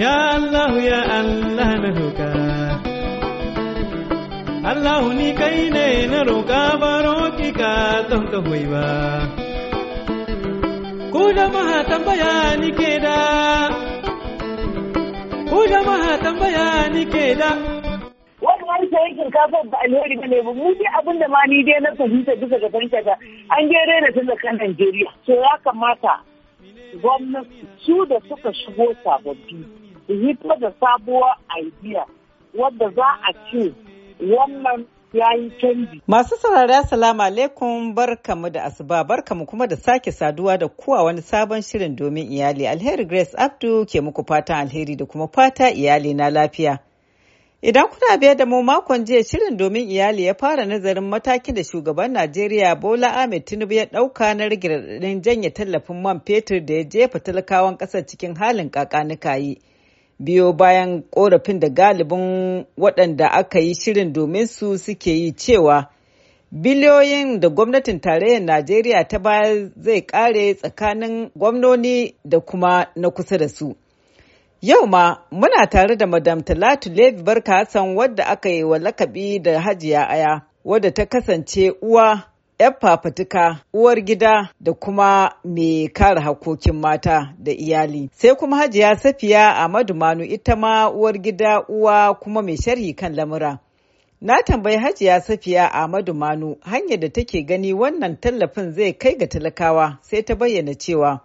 Ya Allah ya Allah na roƙa Allah ni kai ne na roƙa baro ki ka don ka ba Ku da Ku tambaya ni ke da alheri ne mu dai abin da ma ni dai na fahimta duka ga fahimta an gere na kan Najeriya to ya kamata gwamnati su da suka shigo sababbi su hito da sabuwar idea wadda za a ce wannan ya yi canji. Masu saurari salama alaikum barkamu da asuba barkamu kuma da sake saduwa da kuwa wani sabon shirin domin iyali alheri Grace Abdu ke muku fatan alheri da kuma fata iyali na lafiya. Idan kuna biya da mu makon jiya shirin domin iyali ya fara nazarin matakin da shugaban Najeriya Bola Ahmed Tinubu ya ɗauka na rigirarin janye tallafin man fetur da ya jefa talakawan ƙasar cikin halin yi. biyo bayan korafin da galibin waɗanda aka yi shirin domin su suke yi cewa biliyoyin da gwamnatin tarayyar najeriya ta baya zai kare tsakanin gwamnoni da kuma na kusa da su yau ma muna tare da madam talatu levi barka hassan wadda aka yi wa lakabi da hajiya aya wadda ta kasance uwa 'yar fafatuka, uwar gida da kuma mai kare hakokin mata da iyali sai kuma hajiya safiya ahmadu manu ita ma uwar gida uwa kuma mai sharhi kan lamura na tambayi hajiya safiya ahmadu manu hanyar da take gani wannan tallafin zai kai ga talakawa sai ta bayyana cewa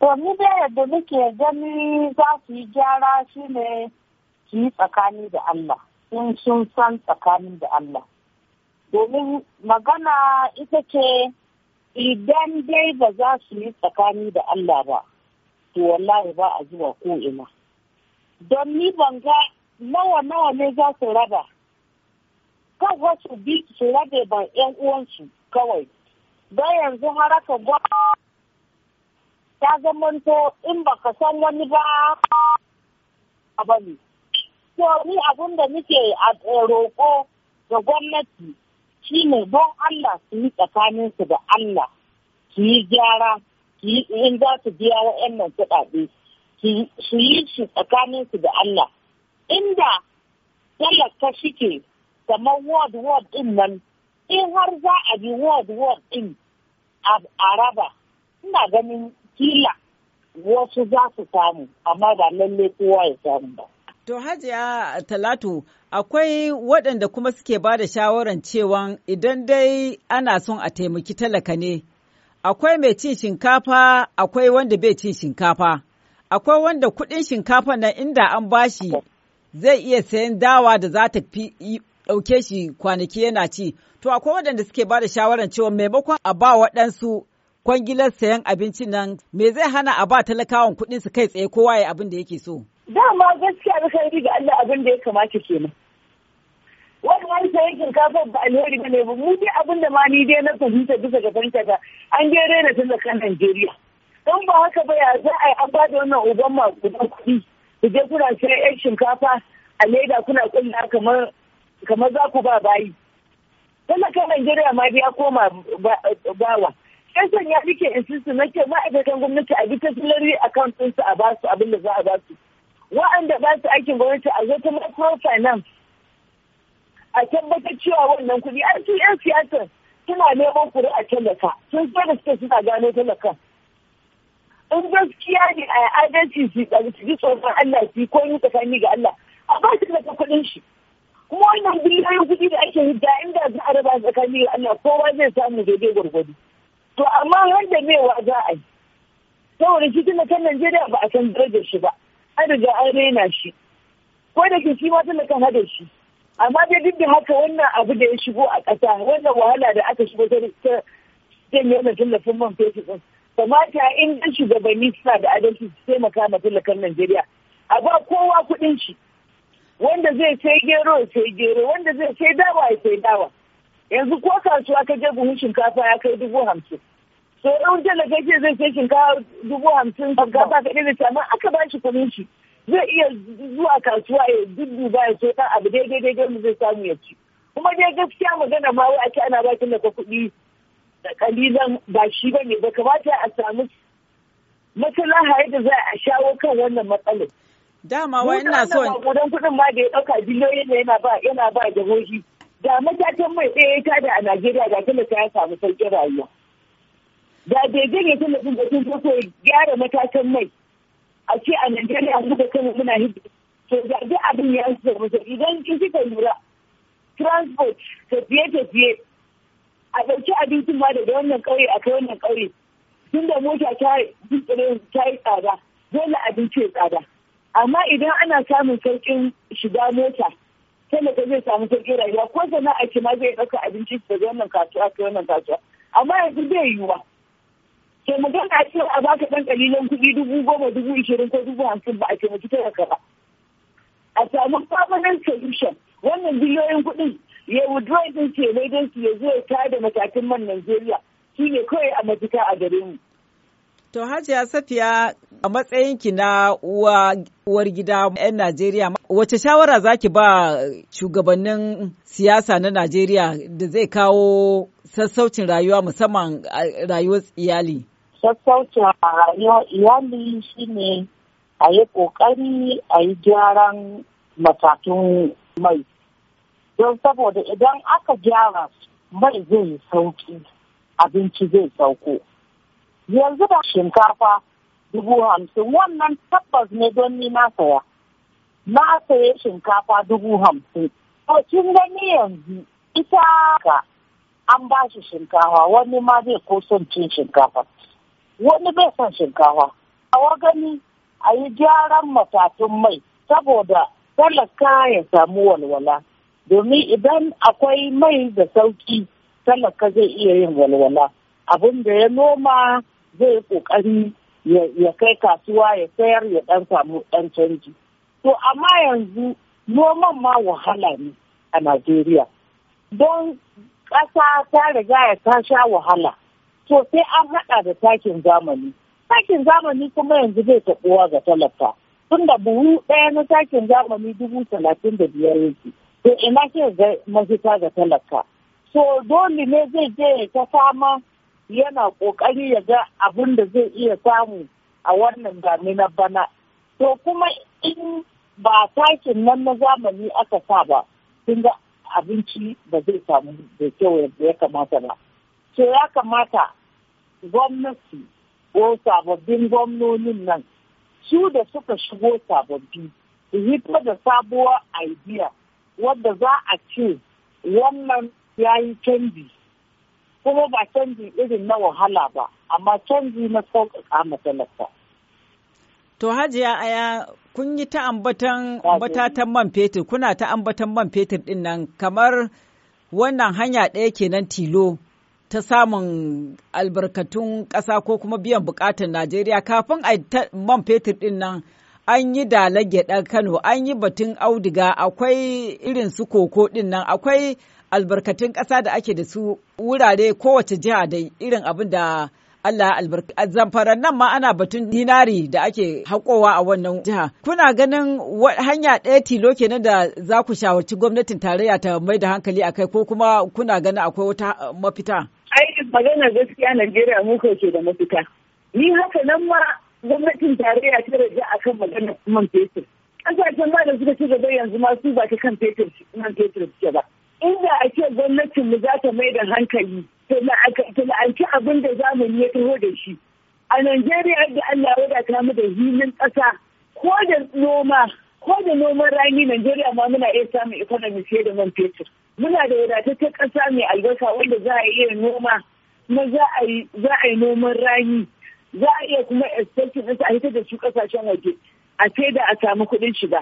to da yadda muke gani za su yi gyara shine su yi tsakani da allah in sun san tsakani da allah domin magana ita ce idan dai ba za su yi tsakani da Allah ba to wallahi ba a zuwa ko ina don ni ban ga nawa nawa ne za su raba kawai su bi su rabe ba yan uwansu kawai don yanzu haraka gwa ta zamanto in ba ka san wani ba a bane to ni abin da a eh, roƙo ga gwamnati shi ne don Allah su yi tsakaninsu da Allah su yi gyara in za su biya wa'annan kuɗaɗe su yi shi tsakaninsu da Allah inda talaka shike kamar ward ward din nan in har za a bi ward ward din a araba, ina ganin kila wasu za su samu amma ba lalle kowa ya samu ba To Hajiya Talatu akwai waɗanda kuma suke ba da shawaran cewa idan dai ana son a taimaki talaka ne, akwai mai cin shinkafa akwai wanda bai cin shinkafa, akwai wanda kuɗin shinkafa na inda an bashi zai iya sayan dawa da za ta fi ɗauke shi kwanaki yana ci. To akwai waɗanda suke ba da shawaran cewa maimakon a ba waɗansu kwangilar sayan abincin nan me zai hana a ba talakawan su kai tsaye kowa ya abin da yake so. dama gaskiya da sai ga Allah abin da ya kamata kenan Wani sai shinkafa ba alheri ne ba mu ne abin da ma ni dai na fahimta bisa ga fahimta ta an je raina kan Najeriya don ba haka ba ya za a yi an bada wannan uban guda kuɗi ku je kuna sai yan shinkafa a leda kuna kulla kamar kamar za ku ba bayi talakan Najeriya ma ya koma bawa Sai sanya nake insisti ke ma'aikatan gwamnati a bi ta salary account ɗinsu a basu abin da za a basu waɗanda ba su aikin gwamnati a zo ta microfinance a tabbatar cewa wannan kuɗi an su 'yan siyasar suna neman kuri a talaka sun so da suke suna gano talaka in gaskiya ne a adalci su su ji tsoron Allah su ko yi tsakani ga Allah a ba su daga kuɗin shi kuma wannan biliyoyin kuɗi da ake hidda inda za a raba tsakani ga Allah kowa zai samu daidai gwargwado to amma har da mewa za a yi saboda shi tun kan Najeriya ba a san darajar shi ba an riga an raina shi ko da shi ma kan hada shi amma dai duk da haka wannan abu da ya shigo a ƙasa wannan wahala da aka shigo ta janye da tallafin man fetur ɗin kamata in ɗan shugabanni suna da adalci su taimaka ma talakan Najeriya a ba kowa kuɗin shi wanda zai sai gero ya sai gero wanda zai sai dawa ya sai dawa yanzu ko kasuwa ka je buhun shinkafa ya kai dubu hamsin to da talaka ce zai sai shinkawa dubu hamsin shinkafa kaɗai da amma aka ba shi kuɗin shi zai iya zuwa kasuwa ya ba ya so ɗan abu daidai daidai mu zai samu ya ci kuma dai gaskiya magana ma wai ake ana bakin da kuɗi kalilan ba shi ba ne ba kamata a samu maslaha yadda za a shawo kan wannan matsalar. Dama wa ina so. Wadan kuɗin ma da ya ɗauka biliyoyin da yana ba yana ba jihohi. Da matakan mai ɗaya ta da a Najeriya da ta ya samu sauƙin rayuwa. da daidai ne tallafin da sun so gyara matakan mai a ce a Najeriya mu da kanmu muna hiji to ga duk abin ya zama so idan kin kika lura transport ta biye a ɗauki abincin ma daga wannan ƙauye a kai wannan ƙauye tun da mota ta yi tsada dole abinci ya tsada amma idan ana samun sauƙin shiga mota talaka zai samu sauƙin rayuwa ko sana'a ce ma zai ɗauka abinci daga wannan kasuwa kai wannan kasuwa amma yanzu bai yiwuwa mu magana cewa ba ka dan kalilan kuɗi dubu goma dubu ishirin ko dubu hamsin ba a taimaki talaka ba. A samu permanent solution wannan biliyoyin kuɗin ya withdraw din ce mai don su ya zo ya matakin man Najeriya shi ne kawai a mafita a gare mu. To Hajiya Safiya a matsayinki na uwar gida 'yan Najeriya wace shawara zaki ba shugabannin siyasa na Najeriya da zai kawo sassaucin rayuwa musamman rayuwar iyali? a rayuwa, iyali shine a yi ƙoƙari a yi gyaran matatun mai don saboda idan aka gyara mai zai yi sauki abinci zai sauko yanzu da shinkafa dubu hamsin wannan tabbas ne don ni na saya na saye shinkafa dubu hamsin to kin gani yanzu ita ka an ba shi shinkafa wani ma zai ko cin shinkafa wani bai son shinkafa a wa gani a yi gyaran matatun mai saboda talaka ya samu walwala domin idan akwai mai da sauki talaka zai iya yin walwala abin da ya noma zai kokari ya kai kasuwa ya sayar ya dan samu dan canji to amma yanzu noman ma wahala ne a najeriya don ƙasa ta riga ya ta sha wahala to sai an haɗa da takin zamani takin zamani kuma yanzu zai taɓuwa ga talaka tunda buhu ɗaya na takin zamani dubu talatin da biyar yake to ina ke ga mafita ga talaka so dole ne zai je ya ta fama yana ƙoƙari ya ga abin da zai iya samu a wannan damina bana to kuma in ba takin nan na zamani aka sa ba tunda abinci ba zai samu da kyau ya kamata ba ce ya kamata gwamnati ko sababbin gwamnonin nan su da suka shigo sababbi su hito da sabuwar idea wadda za a ce wannan ya yi canji kuma ba canji irin na wahala ba amma canji na sauƙaƙa matsalarsa. To hajiya aya kun yi ta ambatan matatan man fetur kuna ta ambatan man fetur ɗin nan kamar wannan hanya ɗaya kenan tilo ta samun albarkatun ƙasa ko kuma biyan buƙatar Najeriya kafin a man fetur ɗin nan an yi dalage ɗan Kano, an yi batun auduga akwai irin su koko ɗin nan akwai albarkatun ƙasa da ake da su wurare kowace jiha da irin abin da Allah albarka nan ma ana batun dinari da ake haƙowa a wannan jiha. Kuna ganin hanya ɗaya tilo kenan da za ku shawarci gwamnatin tarayya ta mai da hankali a kai ko kuma kuna ganin akwai wata mafita? ai maganar gaskiya Najeriya mu ke da mafita. Ni haka nan ma gwamnatin tarayya ta raja a kan magana man fetur. Ƙasashen ba da suka ci gaba yanzu ma su ba ta kan fetur man fetur ce ba. Inda a ce gwamnatin mu za ta mai da hankali ta la'anci abin da zamani ya taho da shi. A Najeriya da Allah ya wadata mu da hilin ƙasa ko da noma ko da noman rani Najeriya ma muna iya samun economy fiye da man fetur. Muna da wadataccen ƙasa mai albasa wanda za a iya noma kuma za a yi noman rani za a iya kuma expecting ɗinsa a hitar da su ƙasashen waje a sai da a samu kuɗin shiga.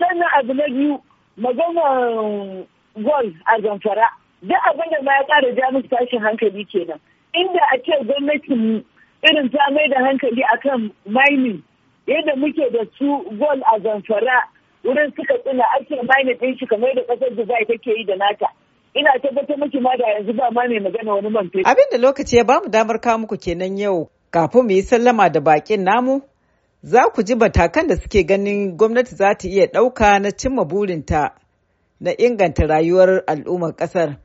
Sannan abu na biyu maganar gol a zamfara Da abin da ma ya ƙara ja musu tashin hankali kenan. Inda a ce gwamnatin irin ta mai da hankali akan mining yadda muke da su gol a zamfara wurin suka tsina ake mani ɗin shi kamar da ƙasar dubai take yi da nata ina tabbatar miki ma da yanzu ba ma mai magana wani man fetur. abin da lokaci ya bamu damar kawo muku kenan yau kafin mu yi sallama da bakin namu za ku ji matakan da suke ganin gwamnati za ta iya ɗauka na cimma burinta na inganta rayuwar al'ummar ƙasar.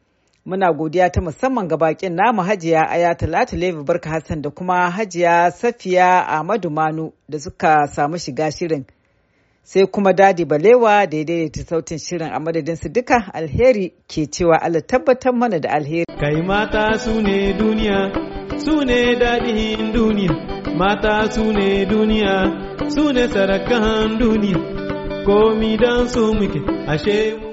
Muna godiya ta musamman ga bakin namu Hajiya Aya Talatu Levi Barka Hassan da kuma Hajiya Safiya Ahmadu Manu da suka samu shiga shirin. Sai kuma Dadi Balewa da ya daidaita sautin shirin a madadin su duka alheri ke cewa Allah tabbatar mana da alheri. Kai mata su ne duniya, su ne daɗin duniya, mata su ne duniya, su ne sarakan duniya, komi don su muke, ashe mu.